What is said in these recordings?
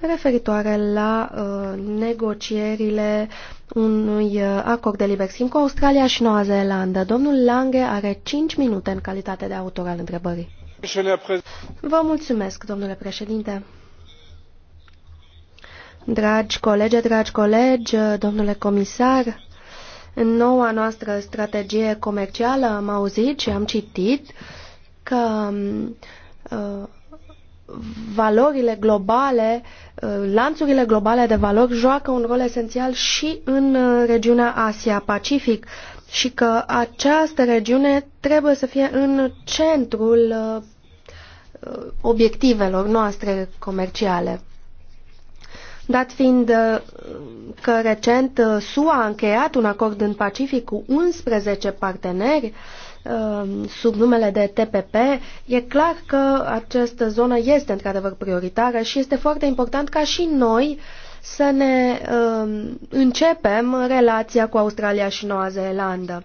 referitoare la uh, negocierile unui uh, acord de liber schimb cu Australia și Noua Zeelandă. Domnul Lange are 5 minute în calitate de autor al întrebării. Vă mulțumesc, domnule președinte. Dragi colegi, dragi colegi, domnule comisar, în noua noastră strategie comercială am auzit și am citit că um, uh, valorile globale, uh, lanțurile globale de valori joacă un rol esențial și în uh, regiunea Asia-Pacific și că această regiune trebuie să fie în centrul uh, obiectivelor noastre comerciale. Dat fiind că recent SUA a încheiat un acord în Pacific cu 11 parteneri, Um, sub numele de TPP, e clar că această zonă este într-adevăr prioritară și este foarte important ca și noi să ne um, începem relația cu Australia și Noua Zeelandă.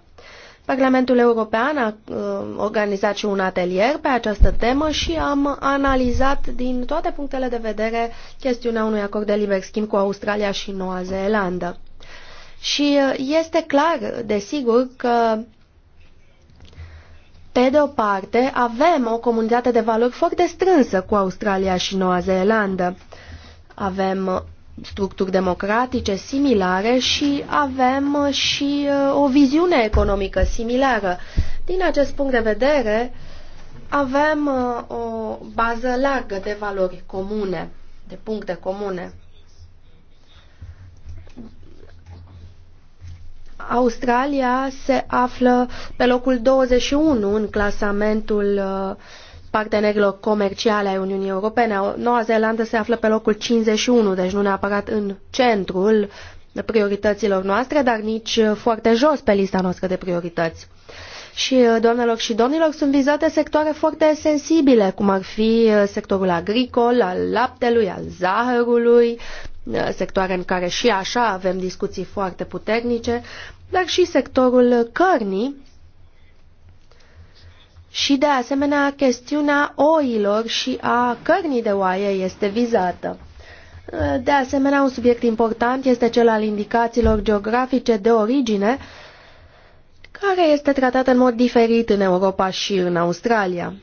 Parlamentul European a um, organizat și un atelier pe această temă și am analizat din toate punctele de vedere chestiunea unui acord de liber schimb cu Australia și Noua Zeelandă. Și uh, este clar, desigur, că pe de o parte, avem o comunitate de valori foarte strânsă cu Australia și Noua Zeelandă. Avem uh, structuri democratice similare și avem uh, și uh, o viziune economică similară. Din acest punct de vedere, avem o bază largă de valori comune, de puncte comune. Australia se află pe locul 21 în clasamentul uh, partenerilor comerciale ai Uniunii Europene. Noua Zeelandă se află pe locul 51, deci nu neapărat în centrul priorităților noastre, dar nici uh, foarte jos pe lista noastră de priorități. Și, uh, doamnelor și domnilor, sunt vizate sectoare foarte sensibile, cum ar fi sectorul agricol, al laptelui, al zahărului, Uh, sectoare în care și așa avem discuții foarte puternice, dar și sectorul cărnii și de asemenea chestiunea oilor și a cărnii de oaie este vizată. Uh, de asemenea, un subiect important este cel al indicațiilor geografice de origine, care este tratat în mod diferit în Europa și în Australia.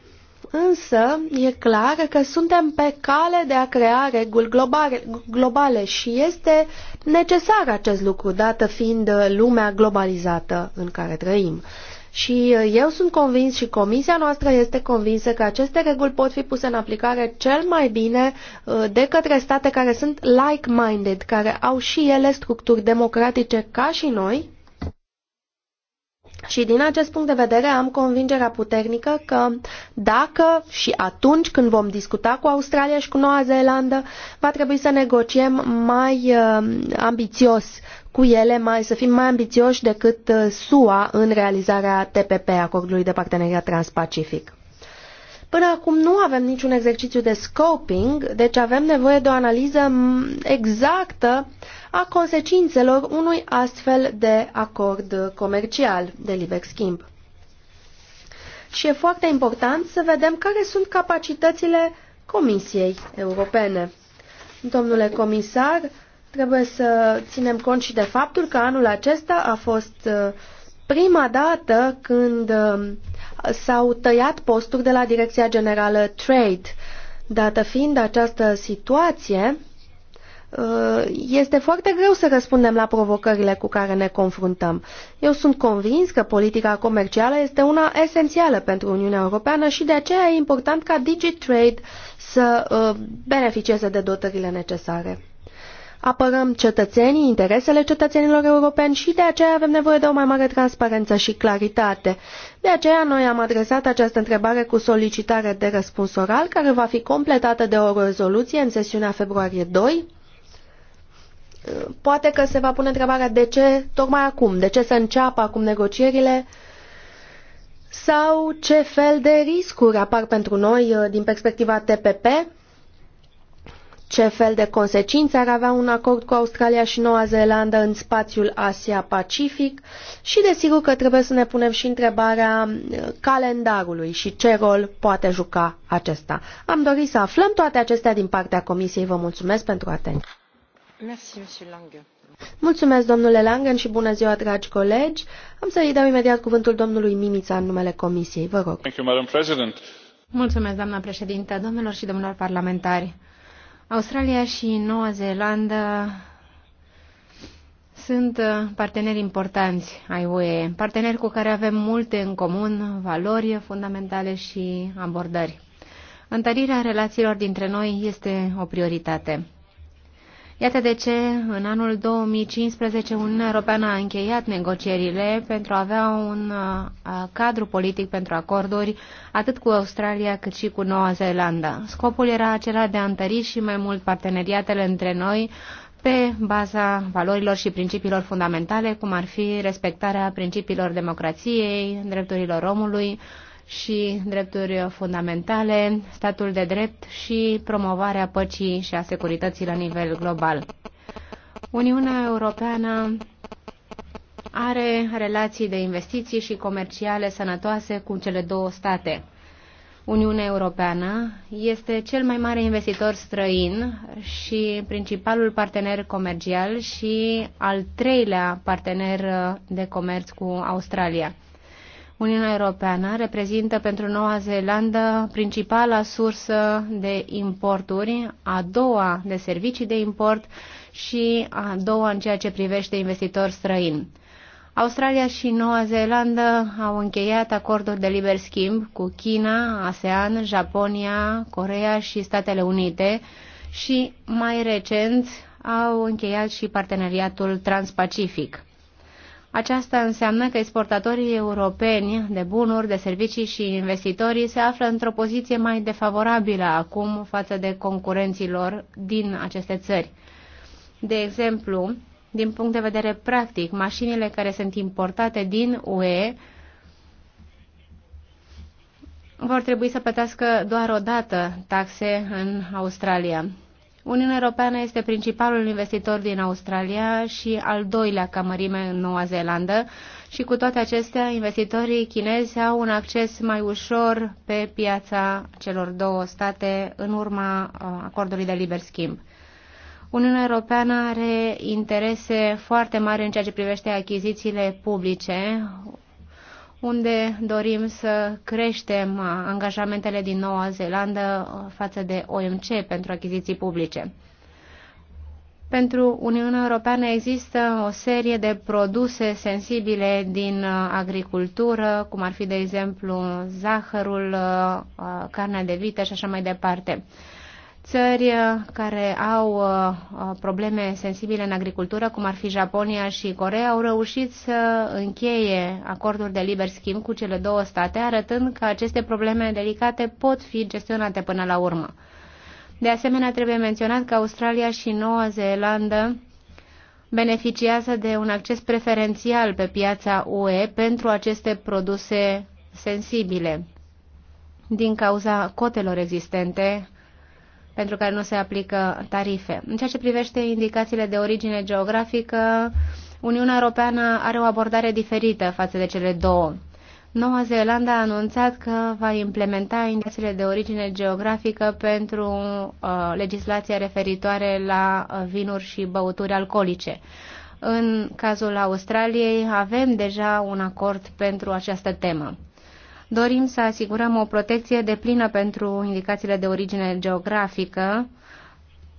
Însă, e clar că suntem pe cale de a crea reguli globale, globale și este necesar acest lucru, dată fiind lumea globalizată în care trăim. Și eu sunt convins și comisia noastră este convinsă că aceste reguli pot fi puse în aplicare cel mai bine uh, de către state care sunt like-minded, care au și ele structuri democratice ca și noi și din acest punct de vedere am convingerea puternică că dacă și atunci când vom discuta cu Australia și cu Noua Zeelandă, va trebui să negociem mai uh, ambițios cu ele, mai, să fim mai ambițioși decât uh, SUA în realizarea TPP, acordului de parteneriat transpacific. Până acum nu avem niciun exercițiu de scoping, deci avem nevoie de o analiză mm, exactă uh, a consecințelor unui astfel de acord comercial de liber schimb. Și e foarte important să vedem care sunt capacitățile Comisiei Europene. Domnule comisar, trebuie să ținem cont și de faptul că anul acesta a fost uh, prima dată când uh, s-au tăiat posturi de la Direcția Generală Trade. Dată fiind această situație, Uh, este foarte greu să răspundem la provocările cu care ne confruntăm. Eu sunt convins că politica comercială este una esențială pentru Uniunea Europeană și de aceea e important ca DigiTrade să uh, beneficieze de dotările necesare. Apărăm cetățenii, interesele cetățenilor europeni și de aceea avem nevoie de o mai mare transparență și claritate. De aceea noi am adresat această întrebare cu solicitare de răspuns oral, care va fi completată de o rezoluție în sesiunea februarie 2 poate că se va pune întrebarea de ce tocmai acum, de ce să înceapă acum negocierile sau ce fel de riscuri apar pentru noi uh, din perspectiva TPP, ce fel de consecințe ar avea un acord cu Australia și Noua Zeelandă în spațiul Asia-Pacific și desigur că trebuie să ne punem și întrebarea uh, calendarului și ce rol poate juca acesta. Am dorit să aflăm toate acestea din partea Comisiei. Vă mulțumesc pentru atenție. Mulțumesc, domnule Langen, și bună ziua, dragi colegi. Am să-i dau imediat cuvântul domnului Mimița în numele Comisiei. Vă rog. Mulțumesc, doamna președintă, domnilor și domnilor parlamentari. Australia și Noua Zeelandă sunt uh, parteneri importanți ai UE, parteneri cu care avem multe în comun, valori fundamentale și abordări. Întărirea relațiilor dintre noi este o prioritate. Iată de ce, în anul 2015, Uniunea Europeană a încheiat negocierile pentru a avea un uh, uh, cadru politic pentru acorduri atât cu Australia cât și cu Noua Zeelandă. Scopul era acela de a întări și mai mult parteneriatele între noi pe baza valorilor și principiilor fundamentale, cum ar fi respectarea principiilor democrației, drepturilor omului, și drepturi fundamentale, statul de drept și promovarea păcii și a securității la nivel global. Uniunea Europeană are relații de investiții și comerciale sănătoase cu cele două state. Uniunea Europeană este cel mai mare investitor străin și principalul partener comercial și al treilea partener de comerț cu Australia. Uniunea Europeană reprezintă pentru Noua Zeelandă principala sursă de importuri, a doua de servicii de import și a doua în ceea ce privește investitori străini. Australia și Noua Zeelandă au încheiat acorduri de liber schimb cu China, ASEAN, Japonia, Corea și Statele Unite și mai recent au încheiat și parteneriatul transpacific. Aceasta înseamnă că exportatorii europeni de bunuri, de servicii și investitorii se află într-o poziție mai defavorabilă acum față de concurenților din aceste țări. De exemplu, din punct de vedere practic, mașinile care sunt importate din UE vor trebui să plătească doar o dată taxe în Australia. Uniunea Europeană este principalul investitor din Australia și al doilea ca mărime în Noua Zeelandă și cu toate acestea investitorii chinezi au un acces mai ușor pe piața celor două state în urma uh, acordului de liber schimb. Uniunea Europeană are interese foarte mari în ceea ce privește achizițiile publice, unde dorim să creștem uh, angajamentele din Noua Zeelandă uh, față de OMC pentru achiziții publice. Pentru Uniunea Europeană există o serie de produse sensibile din uh, agricultură, cum ar fi, de exemplu, zahărul, carnea de vită și așa mai departe țări uh, care au uh, uh, probleme sensibile în agricultură, cum ar fi Japonia și Corea, au reușit să încheie acorduri de liber schimb cu cele două state, arătând că aceste probleme delicate pot fi gestionate până la urmă. De asemenea, trebuie menționat că Australia și Noua Zeelandă beneficiază de un acces preferențial pe piața UE pentru aceste produse sensibile, din cauza cotelor existente pentru care nu se aplică tarife. În ceea ce privește indicațiile de origine geografică, Uniunea Europeană are o abordare diferită față de cele două. Noua Zeelandă a anunțat că va implementa indicațiile de origine geografică pentru uh, legislația referitoare la uh, vinuri și băuturi alcoolice. În cazul Australiei avem deja un acord pentru această temă. Dorim să asigurăm o protecție de plină pentru indicațiile de origine geografică,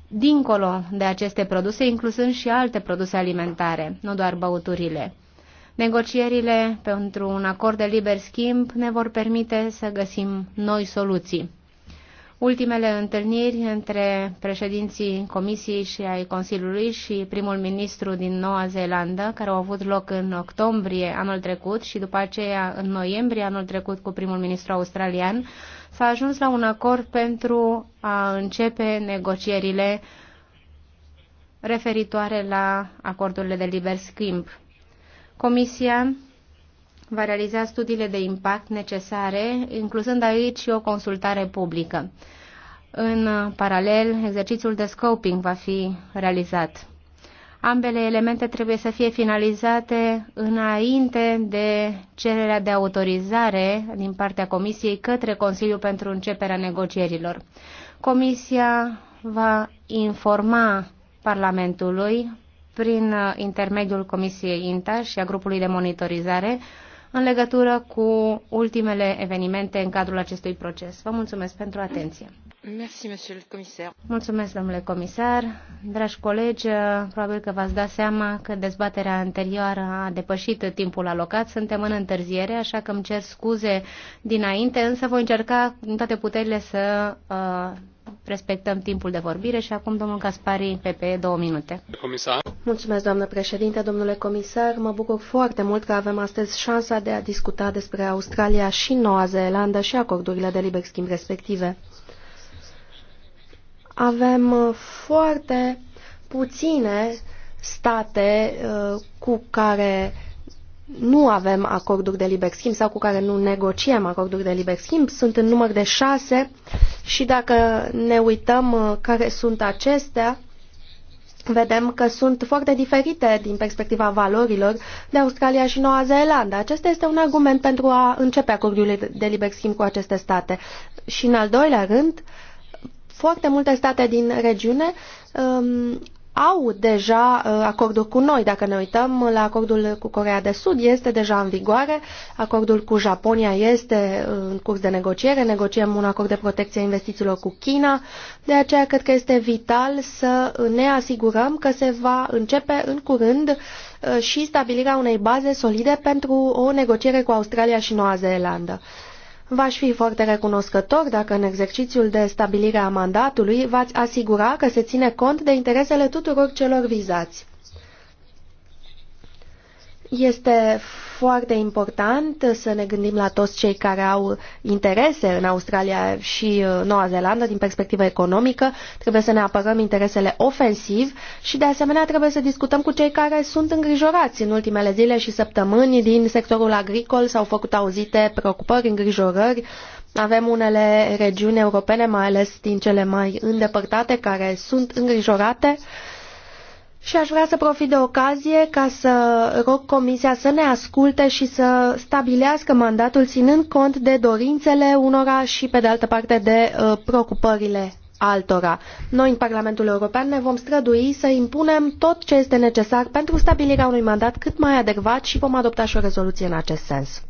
dincolo de aceste produse, inclusând și alte produse alimentare, nu doar băuturile. Negocierile pentru un acord de liber schimb ne vor permite să găsim noi soluții. Ultimele întâlniri între președinții Comisiei și ai Consiliului și primul ministru din Noua Zeelandă, care au avut loc în octombrie anul trecut și după aceea în noiembrie anul trecut cu primul ministru australian, s-a ajuns la un acord pentru a începe negocierile referitoare la acordurile de liber schimb. Comisia va realiza studiile de impact necesare, incluzând aici și o consultare publică. În paralel, exercițiul de scoping va fi realizat. Ambele elemente trebuie să fie finalizate înainte de cererea de autorizare din partea Comisiei către Consiliu pentru începerea negocierilor. Comisia va informa Parlamentului prin intermediul Comisiei INTA și a grupului de monitorizare în legătură cu ultimele evenimente în cadrul acestui proces. Vă mulțumesc pentru atenție. Mulțumesc, domnule comisar. Dragi colegi, probabil că v-ați dat seama că dezbaterea anterioară a depășit timpul alocat. Suntem în întârziere, așa că îmi cer scuze dinainte, însă voi încerca în toate puterile să uh, respectăm timpul de vorbire și acum domnul Caspari, PPE, două minute. Comisar. Mulțumesc, doamnă președinte, domnule comisar. Mă bucur foarte mult că avem astăzi șansa de a discuta despre Australia și Noua Zeelandă și acordurile de liber schimb respective. Avem uh, foarte puține state uh, cu care uh, nu avem acorduri de liber schimb sau cu care nu negociem acorduri de liber schimb. Sunt în număr de șase și dacă ne uităm uh, care sunt acestea, vedem că sunt foarte diferite din perspectiva valorilor de Australia și Noua Zeelandă. Acesta este un argument pentru a începe acordurile de liber schimb cu aceste state. Și în al doilea rând, foarte multe state din regiune um, au deja uh, acordul cu noi. Dacă ne uităm la acordul cu Corea de Sud, este deja în vigoare, acordul cu Japonia este uh, în curs de negociere, negociem un acord de protecție a investițiilor cu China, de aceea cred că este vital să ne asigurăm că se va începe în curând uh, și stabilirea unei baze solide pentru o negociere cu Australia și Noua Zeelandă. V-aș fi foarte recunoscător dacă în exercițiul de stabilire a mandatului v-ați asigura că se ține cont de interesele tuturor celor vizați. Este foarte important să ne gândim la toți cei care au interese în Australia și uh, Noua Zeelandă din perspectivă economică. Trebuie să ne apărăm interesele ofensiv și de asemenea trebuie să discutăm cu cei care sunt îngrijorați. În ultimele zile și săptămâni din sectorul agricol s-au făcut auzite preocupări, îngrijorări. Avem unele regiuni europene, mai ales din cele mai îndepărtate, care sunt îngrijorate. Și aș vrea să profit de ocazie ca să rog Comisia să ne asculte și să stabilească mandatul ținând cont de dorințele unora și, pe de altă parte, de uh, preocupările altora. Noi, în Parlamentul European, ne vom strădui să impunem tot ce este necesar pentru stabilirea unui mandat cât mai adecvat și vom adopta și o rezoluție în acest sens.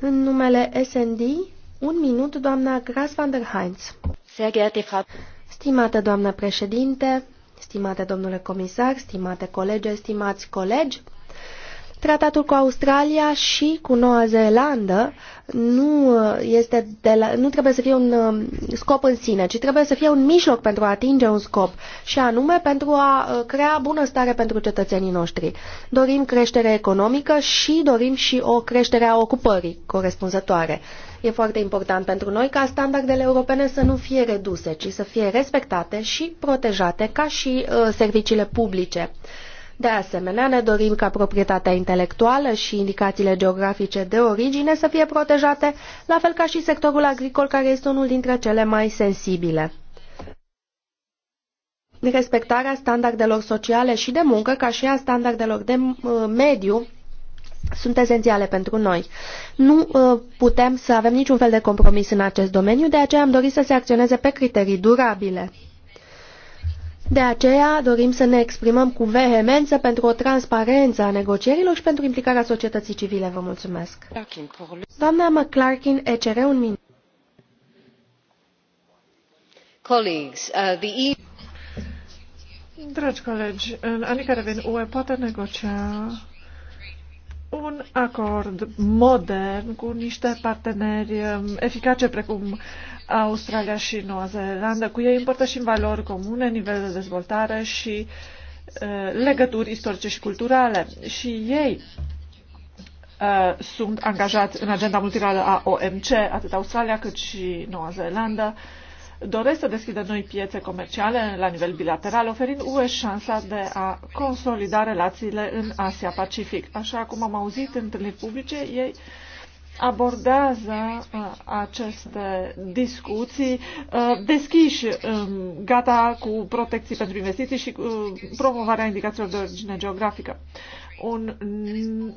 În numele SND, un minut, doamna Gras van der Heinz. Stimată doamnă președinte, stimate domnule comisar, stimate colege, stimați colegi, tratatul cu Australia și cu Noua Zeelandă nu, este de la, nu trebuie să fie un um, scop în sine, ci trebuie să fie un mijloc pentru a atinge un scop și anume pentru a uh, crea bunăstare pentru cetățenii noștri. Dorim creștere economică și dorim și o creștere a ocupării corespunzătoare. E foarte important pentru noi ca standardele europene să nu fie reduse, ci să fie respectate și protejate ca și uh, serviciile publice. De asemenea, ne dorim ca proprietatea intelectuală și indicațiile geografice de origine să fie protejate, la fel ca și sectorul agricol, care este unul dintre cele mai sensibile. Respectarea standardelor sociale și de muncă, ca și a standardelor de uh, mediu, sunt esențiale pentru noi. Nu uh, putem să avem niciun fel de compromis în acest domeniu, de aceea am dorit să se acționeze pe criterii durabile. De aceea dorim să ne exprimăm cu vehemență pentru o transparență a negocierilor și pentru implicarea societății civile. Vă mulțumesc. Doamna McClarkin, ECR, un minut. Uh, Dragi colegi, în anii care vin UE poate negocia un acord modern cu niște parteneri um, eficace precum Australia și Noua Zeelandă. Cu ei împărtășim valori comune, nivel de dezvoltare și uh, legături istorice și culturale. Și ei uh, sunt angajați în agenda multilaterală a OMC, atât Australia cât și Noua Zeelandă. Uh, doresc să deschidă noi piețe comerciale la nivel bilateral, oferind UE șansa de a consolida relațiile în Asia-Pacific. Așa cum am auzit în întâlniri publice, ei abordează uh, aceste discuții uh, deschiși, um, gata cu protecții pentru investiții și uh, promovarea indicațiilor de origine geografică un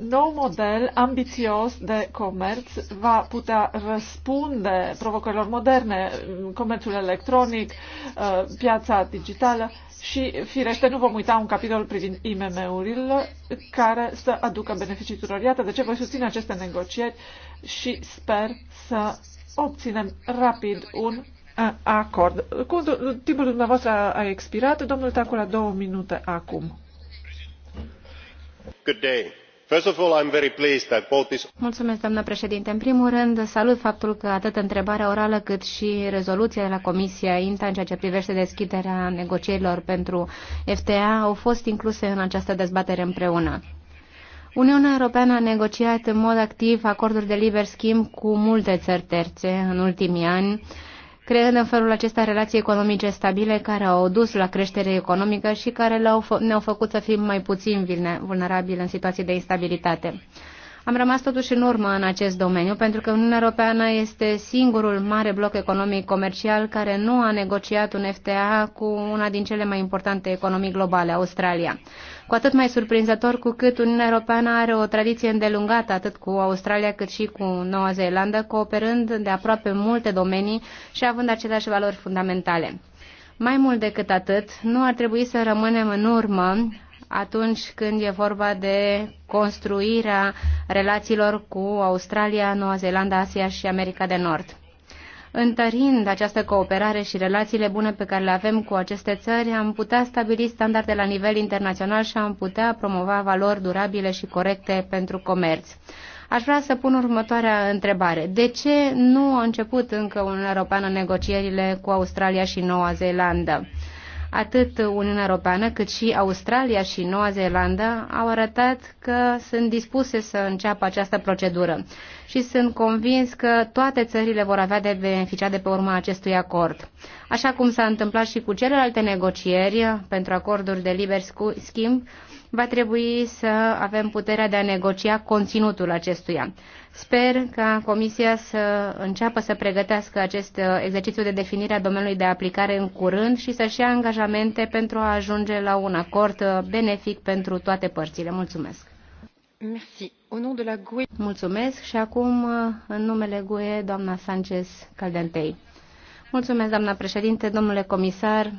nou model ambițios de comerț va putea răspunde provocărilor moderne, comerțul electronic, uh, piața digitală și, firește, nu vom uita un capitol privind IMM-urile care să aducă beneficii tuturor. Iată de ce voi susține aceste negocieri și sper să obținem rapid un uh, acord. Timpul dumneavoastră a expirat. Domnul Tacula, două minute acum. Mulțumesc, doamnă președinte. În primul rând, salut faptul că atât întrebarea orală cât și rezoluția de la Comisia INTA în ceea ce privește deschiderea negocierilor pentru FTA au fost incluse în această dezbatere împreună. Uniunea Europeană a negociat în mod activ acorduri de liber schimb cu multe țări terțe în ultimii ani, creând în felul acesta relații economice stabile care au dus la creștere economică și care ne-au făcut să fim mai puțin vulnerabili în situații de instabilitate. Am rămas totuși în urmă în acest domeniu pentru că Uniunea Europeană este singurul mare bloc economic comercial care nu a negociat un FTA cu una din cele mai importante economii globale, Australia cu atât mai surprinzător cu cât Uniunea Europeană are o tradiție îndelungată atât cu Australia cât și cu Noua Zeelandă, cooperând de aproape multe domenii și având aceleași valori fundamentale. Mai mult decât atât, nu ar trebui să rămânem în urmă atunci când e vorba de construirea relațiilor cu Australia, Noua Zeelandă, Asia și America de Nord. Întărind această cooperare și relațiile bune pe care le avem cu aceste țări, am putea stabili standarde la nivel internațional și am putea promova valori durabile și corecte pentru comerț. Aș vrea să pun următoarea întrebare. De ce nu a început încă Uniunea Europeană negocierile cu Australia și Noua Zeelandă? Atât Uniunea Europeană cât și Australia și Noua Zeelandă au arătat că sunt dispuse să înceapă această procedură și sunt convins că toate țările vor avea de beneficiat de pe urma acestui acord. Așa cum s-a întâmplat și cu celelalte negocieri pentru acorduri de liber schimb, va trebui să avem puterea de a negocia conținutul acestuia. Sper ca Comisia să înceapă să pregătească acest uh, exercițiu de definire a domeniului de aplicare în curând și să-și ia angajamente pentru a ajunge la un acord uh, benefic pentru toate părțile. Mulțumesc! Merci. Au nom de la GUE... Mulțumesc și acum, uh, în numele GUE, doamna Sanchez Caldentei. Mulțumesc, doamna președinte, domnule comisar,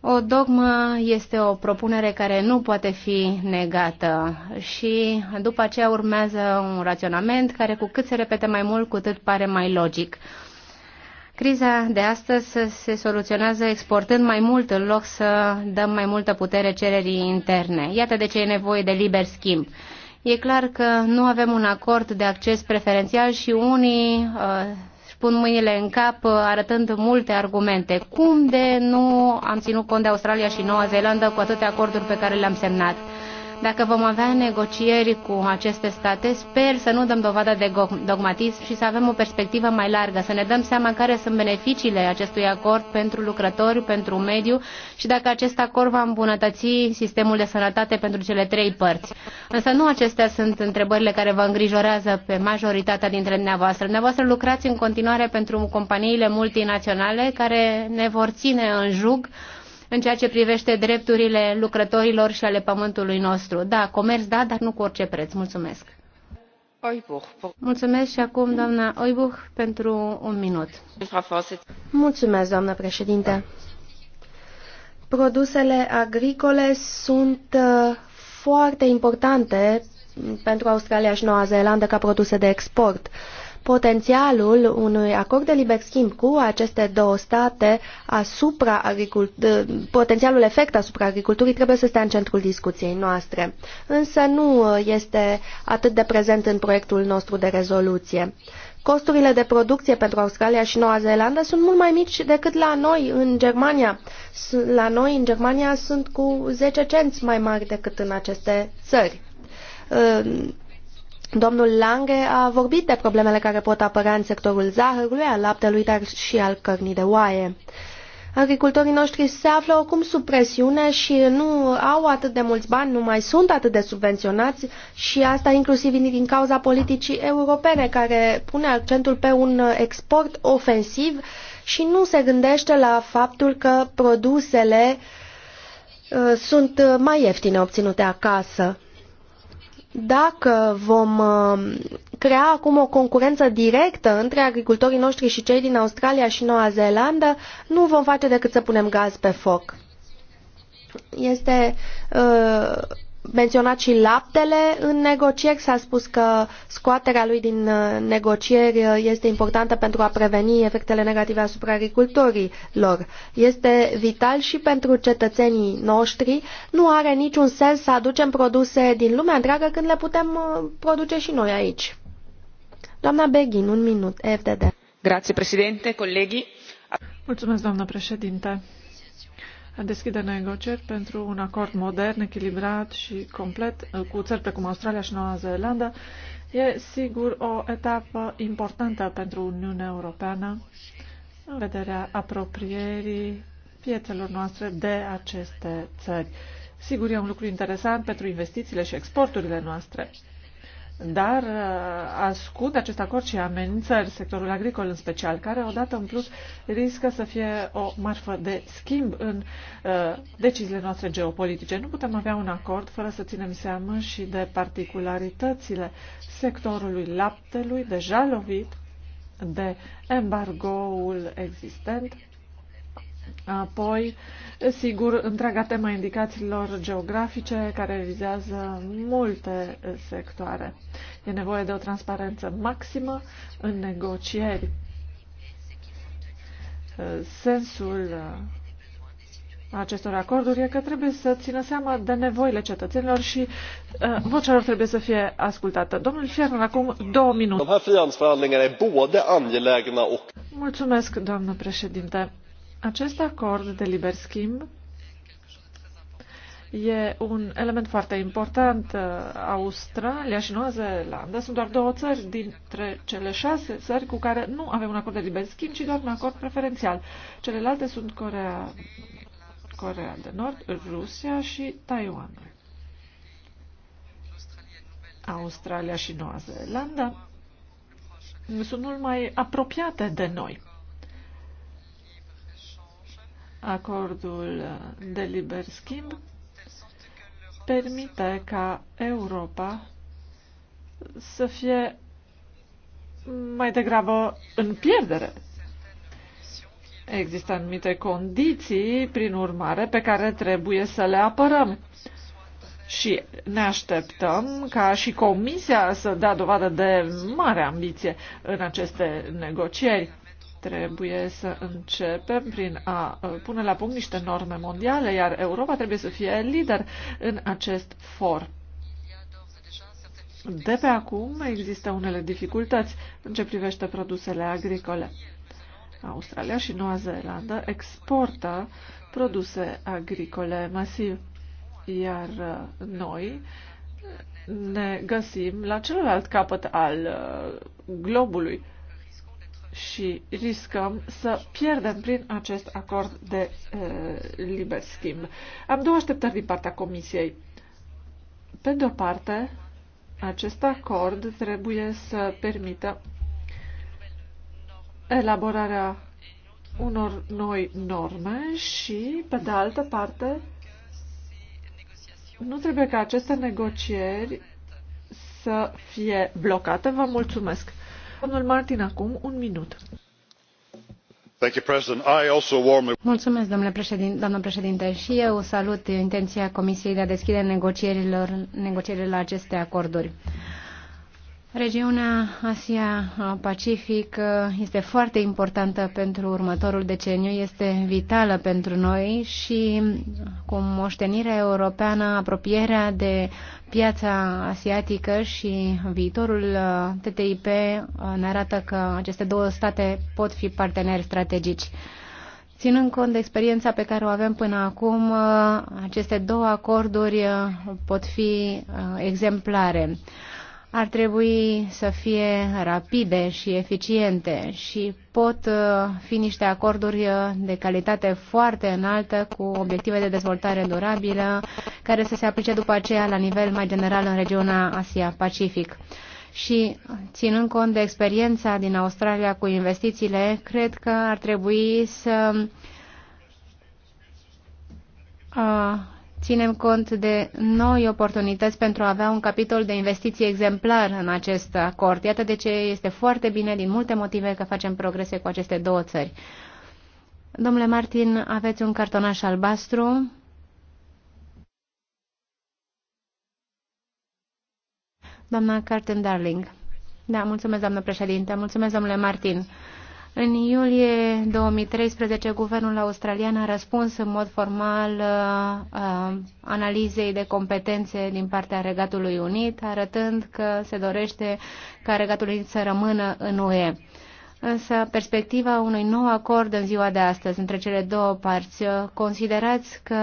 o dogmă este o propunere care nu poate fi negată și după aceea urmează un raționament care cu cât se repete mai mult, cu atât pare mai logic. Criza de astăzi se soluționează exportând mai mult în loc să dăm mai multă putere cererii interne. Iată de ce e nevoie de liber schimb. E clar că nu avem un acord de acces preferențial și unii uh, pun mâinile în cap uh, arătând multe argumente. Cum de nu am ținut cont de Australia și Noua Zeelandă cu atâtea acorduri pe care le-am semnat? Dacă vom avea negocieri cu aceste state, sper să nu dăm dovadă de dogmatism și să avem o perspectivă mai largă, să ne dăm seama care sunt beneficiile acestui acord pentru lucrători, pentru mediu și dacă acest acord va îmbunătăți sistemul de sănătate pentru cele trei părți. Însă nu acestea sunt întrebările care vă îngrijorează pe majoritatea dintre dumneavoastră. Dumneavoastră lucrați în continuare pentru companiile multinaționale care ne vor ține în jug în ceea ce privește drepturile lucrătorilor și ale pământului nostru. Da, comerț da, dar nu cu orice preț. Mulțumesc. Mulțumesc și acum doamna Oibuch pentru un minut. Mulțumesc, doamna președinte. Produsele agricole sunt uh, foarte importante pentru Australia și Noua Zeelandă ca produse de export. Uh, potențialul unui acord de liber schimb cu aceste două state asupra potențialul efect asupra agriculturii trebuie să stea în centrul discuției noastre, însă nu uh, este atât de prezent în proiectul nostru de rezoluție. Costurile de producție pentru Australia și Noua Zeelandă sunt mult mai mici decât la noi în Germania. La noi în Germania sunt cu 10 cenți mai mari decât în aceste țări uh, Domnul Lange a vorbit de problemele care pot apărea în sectorul zahărului, al laptelui, dar și al cărnii de oaie. Agricultorii noștri se află oricum sub presiune și nu au atât de mulți bani, nu mai sunt atât de subvenționați și asta inclusiv din cauza politicii europene care pune accentul pe un export ofensiv și nu se gândește la faptul că produsele uh, sunt mai ieftine obținute acasă dacă vom uh, crea acum o concurență directă între agricultorii noștri și cei din Australia și Noua Zeelandă, nu vom face decât să punem gaz pe foc. Este uh, menționat și laptele în negocieri. S-a spus că scoaterea lui din uh, negocieri uh, este importantă pentru a preveni efectele negative asupra agricultorilor. Este vital și pentru cetățenii noștri. Nu are niciun sens să aducem produse din lumea întreagă când le putem uh, produce și noi aici. Doamna Beghin, un minut, FDD. Grazie, președinte, colegi. Mulțumesc, doamnă președinte deschide negocieri pentru un acord modern, echilibrat și complet uh, cu țări precum Australia și Noua Zeelandă e sigur o etapă importantă pentru Uniunea Europeană în vederea apropierii piețelor noastre de aceste țări. Sigur, e un lucru interesant pentru investițiile și exporturile noastre dar uh, ascund acest acord și amenințări sectorul agricol în special, care odată în plus riscă să fie o marfă de schimb în uh, deciziile noastre geopolitice. Nu putem avea un acord fără să ținem seama și de particularitățile sectorului laptelui deja lovit de embargoul existent Apoi, sigur, întreaga tema indicațiilor geografice care vizează multe sectoare. E nevoie de o transparență maximă în negocieri. Sensul acestor acorduri e că trebuie să țină seama de nevoile cetățenilor și uh, vocea lor trebuie să fie ascultată. Domnul Fierner, acum două minute. Mulțumesc, doamnă președinte. Acest acord de liber schimb e un element foarte important. Uh, Australia și Noua Zeelandă sunt doar două țări dintre cele șase țări cu care nu avem un acord de liber schimb, ci doar un acord preferențial. Celelalte sunt Corea, Corea de Nord, Rusia și Taiwan. Australia și Noua Zeelandă sunt mult mai apropiate de noi. Acordul uh, de liber schimb permite ca Europa să fie mai degrabă în pierdere. Există anumite condiții, prin urmare, pe care trebuie să le apărăm. Și ne așteptăm ca și Comisia să dea dovadă de mare ambiție în aceste negocieri. Trebuie să începem prin a uh, pune la punct niște norme mondiale, iar Europa trebuie să fie lider în acest for. De pe acum există unele dificultăți în ce privește produsele agricole. Australia și Noua Zeelandă exportă produse agricole masiv, iar uh, noi ne găsim la celălalt capăt al uh, globului și riscăm să pierdem prin acest acord de uh, liber schimb. Am două așteptări din partea Comisiei. Pe de o parte, acest acord trebuie să permită elaborarea unor noi norme și, pe de altă parte, nu trebuie ca aceste negocieri să fie blocate. Vă mulțumesc! Domnul Martin, acum un minut. Mulțumesc, domnule președinte, doamnă președinte și eu salut intenția comisiei de a deschide negocierile la aceste acorduri. Regiunea Asia-Pacific uh, este foarte importantă pentru următorul deceniu, este vitală pentru noi și cu moștenirea europeană, apropierea de piața asiatică și viitorul uh, TTIP uh, ne arată că aceste două state pot fi parteneri strategici. Ținând cont de experiența pe care o avem până acum, aceste două acorduri pot fi exemplare ar trebui să fie rapide și eficiente și pot uh, fi niște acorduri uh, de calitate foarte înaltă cu obiective de dezvoltare durabilă care să se aplice după aceea la nivel mai general în regiunea Asia-Pacific. Și ținând cont de experiența din Australia cu investițiile, cred că ar trebui să uh, ținem cont de noi oportunități pentru a avea un capitol de investiții exemplar în acest acord. Iată de ce este foarte bine, din multe motive, că facem progrese cu aceste două țări. Domnule Martin, aveți un cartonaș albastru. Doamna Carton Darling. Da, mulțumesc, doamnă președinte. Mulțumesc, domnule Martin. În iulie 2013, guvernul australian a răspuns în mod formal uh, uh, analizei de competențe din partea Regatului Unit, arătând că se dorește ca Regatul Unit să rămână în UE. Însă, perspectiva unui nou acord în ziua de astăzi între cele două părți, uh, considerați că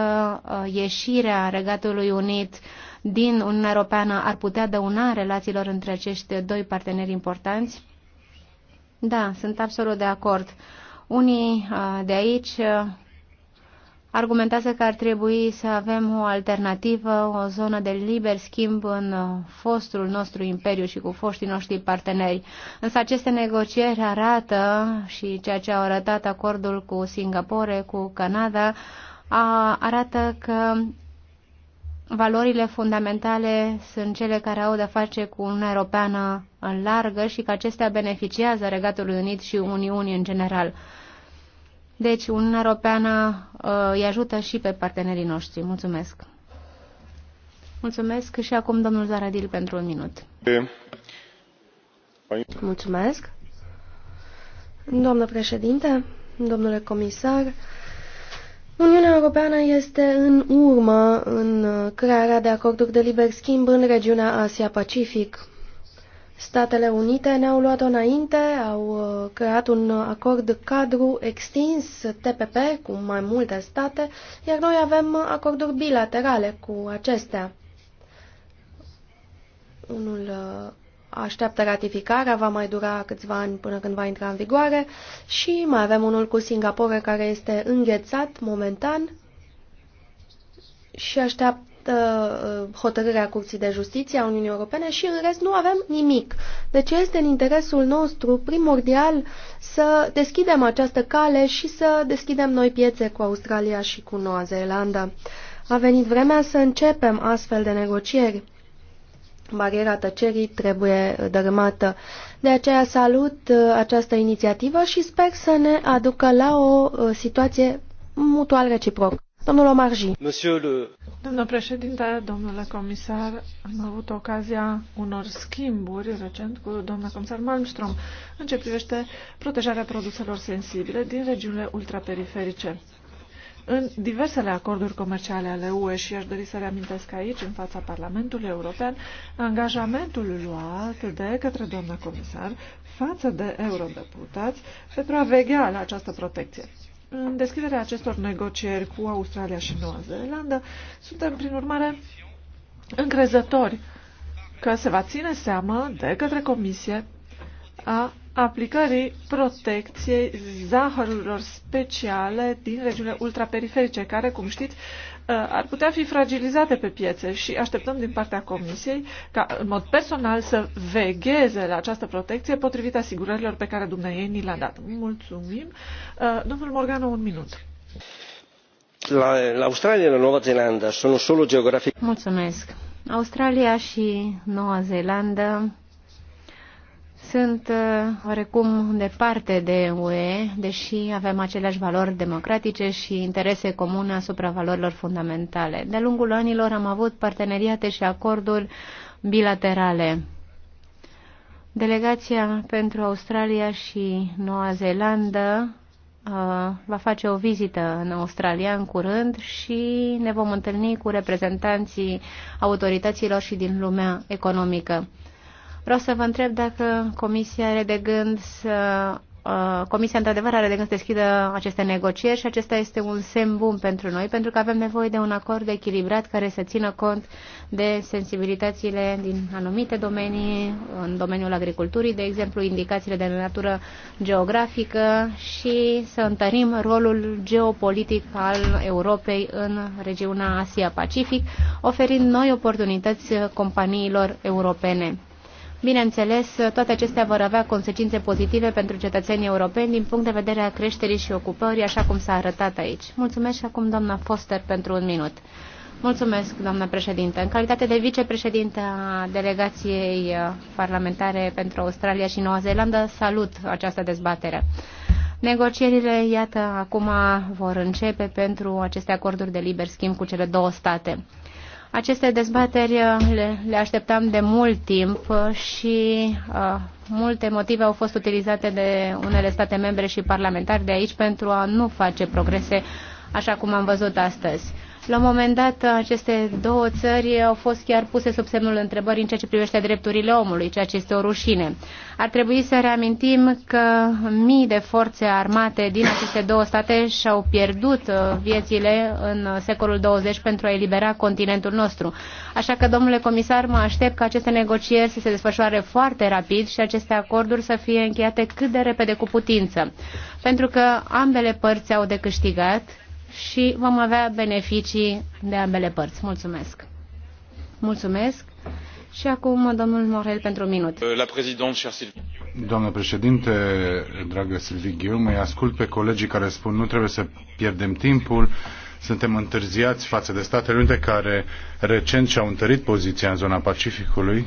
uh, ieșirea Regatului Unit din Uniunea Europeană ar putea dăuna relațiilor între acești doi parteneri importanți? Da, sunt absolut de acord. Unii uh, de aici uh, argumentează că ar trebui să avem o alternativă, o zonă de liber schimb în uh, fostul nostru imperiu și cu foștii noștri parteneri. Însă aceste negocieri arată și ceea ce au arătat acordul cu Singapore, cu Canada, arată că valorile fundamentale sunt cele care au de-a face cu Uniunea Europeană în largă și că acestea beneficiază Regatului Unit și Uniunii în general. Deci, Uniunea Europeană uh, îi ajută și pe partenerii noștri. Mulțumesc! Mulțumesc și acum domnul Zaradil pentru un minut. Mulțumesc! Doamnă președinte, domnule comisar, Uniunea Europeană este în urmă în crearea de acorduri de liber schimb în regiunea Asia-Pacific. Statele Unite ne-au luat înainte, au uh, creat un acord cadru extins TPP cu mai multe state, iar noi avem acorduri bilaterale cu acestea. Unul uh, așteaptă ratificarea, va mai dura câțiva ani până când va intra în vigoare și mai avem unul cu Singapore care este înghețat momentan și așteaptă uh, hotărârea Curții de Justiție a Uniunii Europene și în rest nu avem nimic. Deci este în interesul nostru primordial să deschidem această cale și să deschidem noi piețe cu Australia și cu Noua Zeelandă. A venit vremea să începem astfel de negocieri. Bariera tăcerii trebuie dărâmată. De aceea salut uh, această inițiativă și sper să ne aducă la o uh, situație mutual reciproc. Domnul Omarji. Le... Domnul președinte, domnule comisar, am avut ocazia unor schimburi recent cu doamna comisar Malmström în ce privește protejarea produselor sensibile din regiunile ultraperiferice în diversele acorduri comerciale ale UE și aș dori să reamintesc aici, în fața Parlamentului European, angajamentul luat de către doamna comisar față de eurodeputați pentru a veghea la această protecție. În deschiderea acestor negocieri cu Australia și Noua Zeelandă, suntem, prin urmare, încrezători că se va ține seama de către Comisie a aplicării protecției zahărurilor speciale din regiunile ultraperiferice, care, cum știți, uh, ar putea fi fragilizate pe piețe și așteptăm din partea Comisiei ca, în mod personal, să vegheze la această protecție potrivit asigurărilor pe care dumneavoastră ni le-a dat. Mulțumim. Uh, domnul Morgano, un minut. La, la, Australia, la Noua Zeelandă, sunt solo geografic. Mulțumesc. Australia și Noua Zeelandă sunt uh, oarecum departe de UE, deși avem aceleași valori democratice și interese comune asupra valorilor fundamentale. De-a lungul anilor am avut parteneriate și acorduri bilaterale. Delegația pentru Australia și Noua Zeelandă uh, va face o vizită în Australia în curând și ne vom întâlni cu reprezentanții autorităților și din lumea economică. Vreau să vă întreb dacă Comisia are de gând să uh, Comisia într-adevăr are de gând să deschidă aceste negocieri și acesta este un semn bun pentru noi, pentru că avem nevoie de un acord echilibrat care să țină cont de sensibilitățile din anumite domenii, în domeniul agriculturii, de exemplu, indicațiile de natură geografică și să întărim rolul geopolitic al Europei în regiunea Asia-Pacific, oferind noi oportunități companiilor europene. Bineînțeles, toate acestea vor avea consecințe pozitive pentru cetățenii europeni din punct de vedere a creșterii și ocupării, așa cum s-a arătat aici. Mulțumesc și acum doamna Foster pentru un minut. Mulțumesc, doamna președinte. În calitate de vicepreședinte a delegației parlamentare pentru Australia și Noua Zeelandă, salut această dezbatere. Negocierile, iată, acum vor începe pentru aceste acorduri de liber schimb cu cele două state. Aceste dezbateri uh, le, le așteptam de mult timp uh, și uh, multe motive au fost utilizate de unele state membre și parlamentari de aici pentru a nu face progrese așa cum am văzut astăzi. La un moment dat, aceste două țări au fost chiar puse sub semnul întrebării în ceea ce privește drepturile omului, ceea ce este o rușine. Ar trebui să reamintim că mii de forțe armate din aceste două state și-au pierdut uh, viețile în secolul 20 pentru a elibera continentul nostru. Așa că, domnule comisar, mă aștept ca aceste negocieri să se desfășoare foarte rapid și aceste acorduri să fie încheiate cât de repede cu putință. Pentru că ambele părți au de câștigat și vom avea beneficii de ambele părți. Mulțumesc! Mulțumesc! Și acum domnul Morel pentru un minut. La Doamnă președinte, dragă Silvii Ghiu, îi ascult pe colegii care spun nu trebuie să pierdem timpul, suntem întârziați față de Statele Unite care recent și-au întărit poziția în zona Pacificului,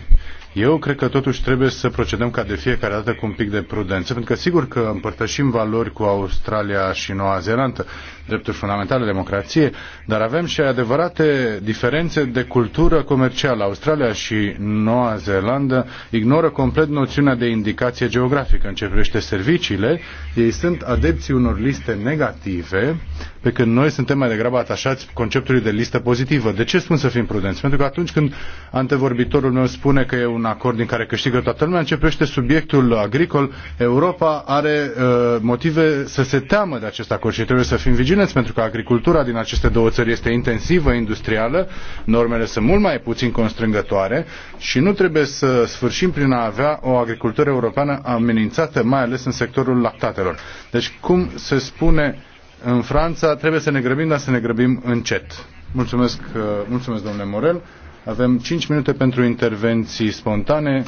eu cred că totuși trebuie să procedăm ca de fiecare dată cu un pic de prudență, pentru că sigur că împărtășim valori cu Australia și Noua Zeelandă, drepturi fundamentale, democrație, dar avem și adevărate diferențe de cultură comercială. Australia și Noua Zeelandă ignoră complet noțiunea de indicație geografică în ce privește serviciile. Ei sunt adepții unor liste negative, pe când noi suntem mai degrabă atașați conceptului de listă pozitivă. De ce spun să fim prudenți. Pentru că atunci când antevorbitorul meu spune că e un acord din care câștigă toată lumea, începește subiectul agricol. Europa are uh, motive să se teamă de acest acord și trebuie să fim vigilenți pentru că agricultura din aceste două țări este intensivă, industrială, normele sunt mult mai puțin constrângătoare și nu trebuie să sfârșim prin a avea o agricultură europeană amenințată, mai ales în sectorul lactatelor. Deci, cum se spune în Franța, trebuie să ne grăbim, dar să ne grăbim încet. Mulțumesc, uh, mulțumesc domnule Morel. Avem 5 minute pentru intervenții spontane,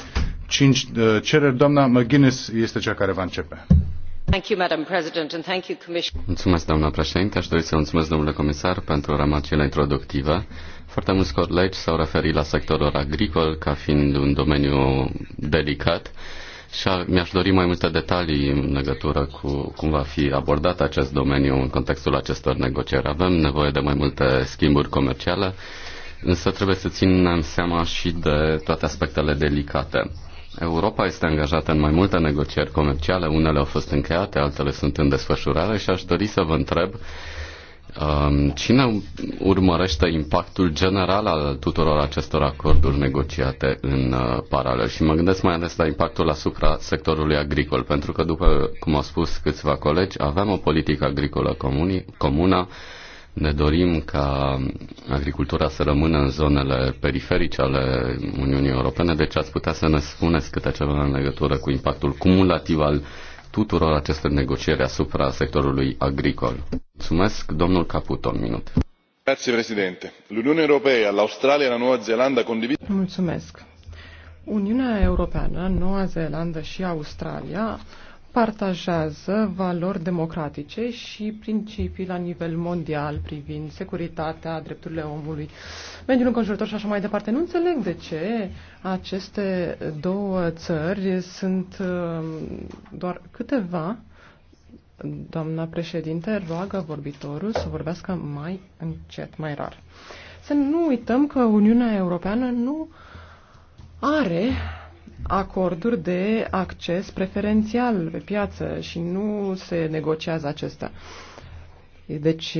5 uh, cereri. Doamna McGuinness este cea care va începe. Thank thank you, you, Madam President, and Commissioner. Mulțumesc, doamna președinte. Aș dori să mulțumesc, domnule comisar, pentru remarcile introductivă. Foarte mulți colegi s-au referit la sectorul agricol ca fiind un domeniu delicat și mi-aș dori mai multe detalii în legătură cu cum va fi abordat acest domeniu în contextul acestor negocieri. Avem nevoie de mai multe schimburi comerciale, însă trebuie să ținem seama și de toate aspectele delicate. Europa este angajată în mai multe negocieri comerciale, unele au fost încheiate, altele sunt în desfășurare și aș dori să vă întreb uh, Um, cine urmărește impactul general al tuturor acestor acorduri negociate în uh, paralel? Și mă gândesc mai ales la impactul asupra sectorului agricol, pentru că, după cum au spus câțiva colegi, avem o politică agricolă comună, ne dorim ca agricultura să rămână în zonele periferice ale Uniunii Europene, deci ați putea să ne spuneți câte ceva în legătură cu impactul cumulativ al uh, tuturor aceste negocieri asupra sectorului agricol. Mulțumesc, domnul Caputo, un minut. Grazie, Presidente. L'Unione Europea, l'Australia, la Zeelandă condivid... Mulțumesc. Uniunea Europeană, Noua Zeelandă și Australia partajează valori democratice și principii la nivel mondial privind securitatea, drepturile omului, mediul înconjurător și așa mai departe. Nu înțeleg de ce aceste două țări sunt um, doar câteva. Doamna președinte roagă vorbitorul să vorbească mai încet, mai rar. Să nu uităm că Uniunea Europeană nu are acorduri de acces preferențial pe piață și nu se negociază acesta. Deci,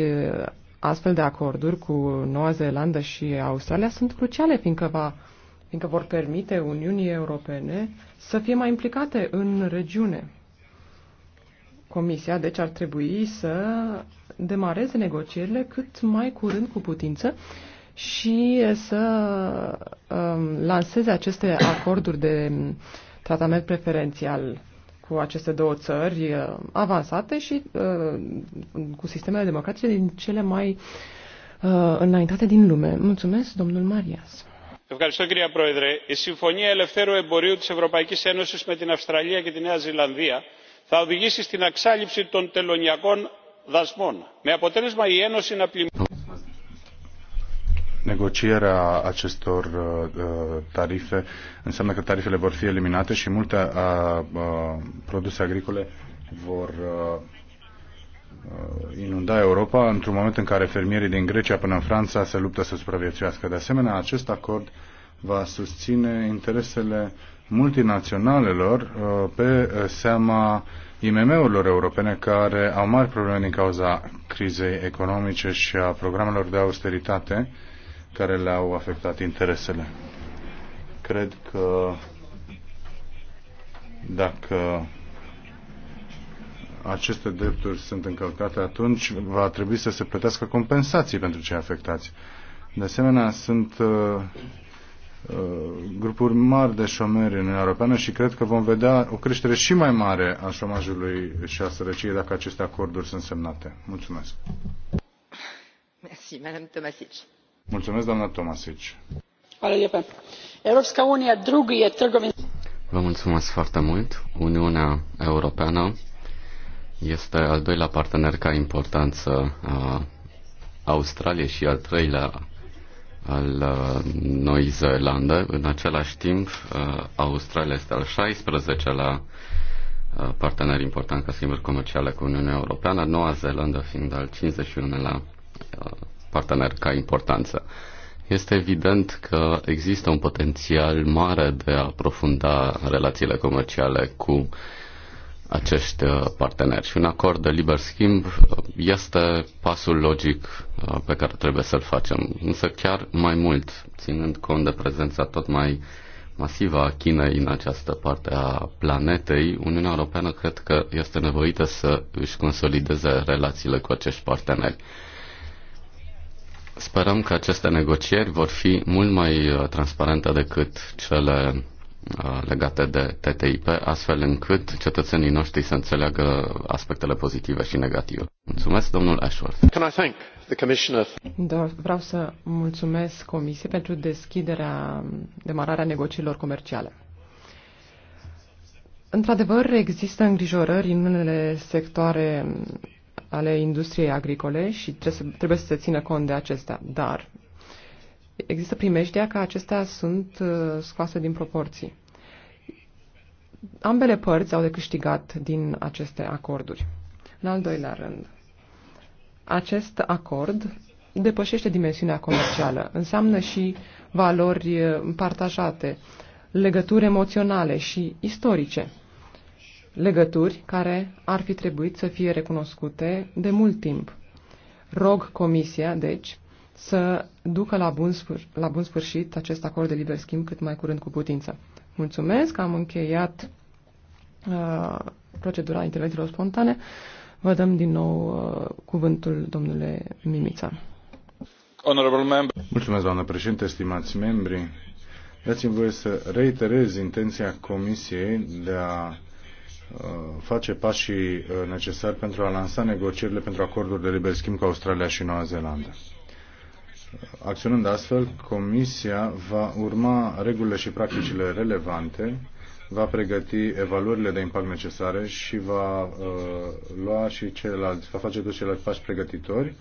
astfel de acorduri cu Noua Zeelandă și Australia sunt cruciale, fiindcă, va, fiindcă vor permite Uniunii Europene să fie mai implicate în regiune. Comisia, deci, ar trebui să demareze negocierile cât mai curând cu putință și să um, lanseze aceste acorduri de tratament preferențial cu aceste două țări uh, avansate și uh, cu sistemele democratice din cele mai uh, înaintate din lume. Mulțumesc, domnul Marias. Ευχαριστώ κυρία Πρόεδρε. Η Συμφωνία Ελευθέρου Εμπορίου της Ευρωπαϊκής Ένωσης με την Αυστραλία και τη Νέα Ζηλανδία θα οδηγήσει στην αξάλιψη των τελωνιακών δασμών με αποτέλεσμα η Ένωση να πλημμυρίσει negocierea acestor uh, uh, tarife înseamnă că tarifele vor fi eliminate și multe uh, produse agricole vor inunda Europa într-un moment în care fermierii din Grecia până în Franța se luptă să supraviețuiască. De asemenea, acest acord va susține interesele multinaționalelor pe seama IMM-urilor europene care au mari probleme din cauza crizei economice și a programelor de austeritate care le-au afectat interesele. Cred că dacă aceste drepturi sunt încălcate, atunci va trebui să se plătească compensații pentru cei afectați. De asemenea, sunt uh, uh, grupuri mari de șomeri în Uniunea Europeană și cred că vom vedea o creștere și mai mare a șomajului și a sărăciei dacă aceste acorduri sunt semnate. Mulțumesc. Merci, Madame Tomasic. Mulțumesc, Vă mulțumesc foarte mult. Uniunea Europeană este al doilea partener ca importanță a Australiei și al treilea al uh, Noii Zeelande. În același timp, uh, Australia este al 16-lea uh, partener important ca schimburi comerciale cu Uniunea Europeană, Noua Zeelandă fiind al 51-lea partener ca importanță. Este evident că există un potențial mare de a aprofunda relațiile comerciale cu acești uh, parteneri. Și un acord de liber schimb uh, este pasul logic uh, pe care trebuie să-l facem. Însă chiar mai mult, ținând cont de prezența tot mai masivă a Chinei în această parte a planetei, Uniunea Europeană cred că este nevoită să își consolideze relațiile cu acești parteneri. Sperăm că aceste negocieri vor fi mult mai uh, transparente decât cele uh, legate de TTIP, astfel încât cetățenii noștri să înțeleagă aspectele pozitive și negative. Mulțumesc, domnul Ashworth. Can I thank the commissioner? Da, vreau să mulțumesc Comisiei pentru deschiderea, demararea negocierilor comerciale. Într-adevăr, există îngrijorări în unele sectoare ale industriei agricole și trebuie să se țină cont de acestea. Dar există primejdea că acestea sunt uh, scoase din proporții. Ambele părți au de câștigat din aceste acorduri. În al doilea rând, acest acord depășește dimensiunea comercială. Înseamnă și valori uh, partajate, legături emoționale și istorice legături care ar fi trebuit să fie recunoscute de mult timp. Rog Comisia, deci, să ducă la bun, sfâr- la bun sfârșit acest acord de liber schimb cât mai curând cu putință. Mulțumesc, am încheiat uh, procedura intervențiilor spontane. Vă dăm din nou uh, cuvântul domnule Mimița. Mulțumesc, doamnă președinte, stimați membri. Dați-mi voie să reiterez intenția Comisiei de a Uh, face pașii uh, necesari pentru a lansa negocierile pentru acorduri de liber schimb cu Australia și Noua Zeelandă. Uh, acționând astfel, Comisia va urma regulile și practicile relevante, va pregăti evaluările de impact necesare și va uh, lua și celălalt, va face toți celelalte pași pregătitori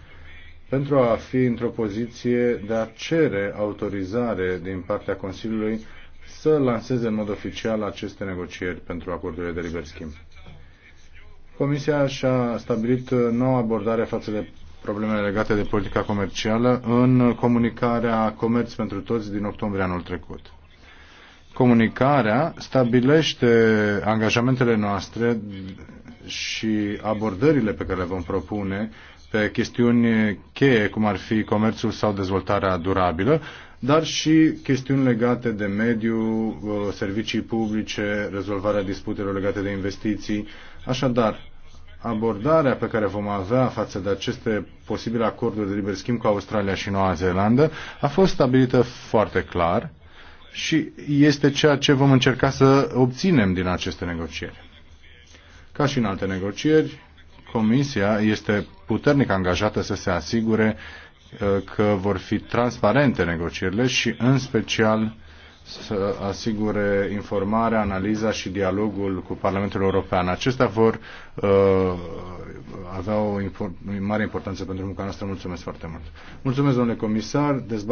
pentru a fi într-o poziție de a cere autorizare din partea Consiliului să lanseze în mod oficial aceste negocieri pentru acordurile de liber schimb. Comisia și-a stabilit uh, noua abordare față de problemele legate de politica comercială în comunicarea Comerț pentru Toți din octombrie anul trecut. Comunicarea stabilește angajamentele noastre și abordările pe care le vom propune pe chestiuni cheie, cum ar fi comerțul sau dezvoltarea durabilă, dar și chestiuni legate de mediu, uh, servicii publice, rezolvarea disputelor legate de investiții. Așadar, abordarea pe care vom avea față de aceste posibile acorduri de liber schimb cu Australia și Noua Zeelandă a fost stabilită foarte clar și este ceea ce vom încerca să obținem din aceste negocieri. Ca și în alte negocieri, Comisia este puternic angajată să se asigure că vor fi transparente negocierile și, în special, să asigure informarea, analiza și dialogul cu Parlamentul European. Acestea vor uh, avea o impor- mare importanță pentru munca noastră. Mulțumesc foarte mult. Mulțumesc, domnule comisar. Dezba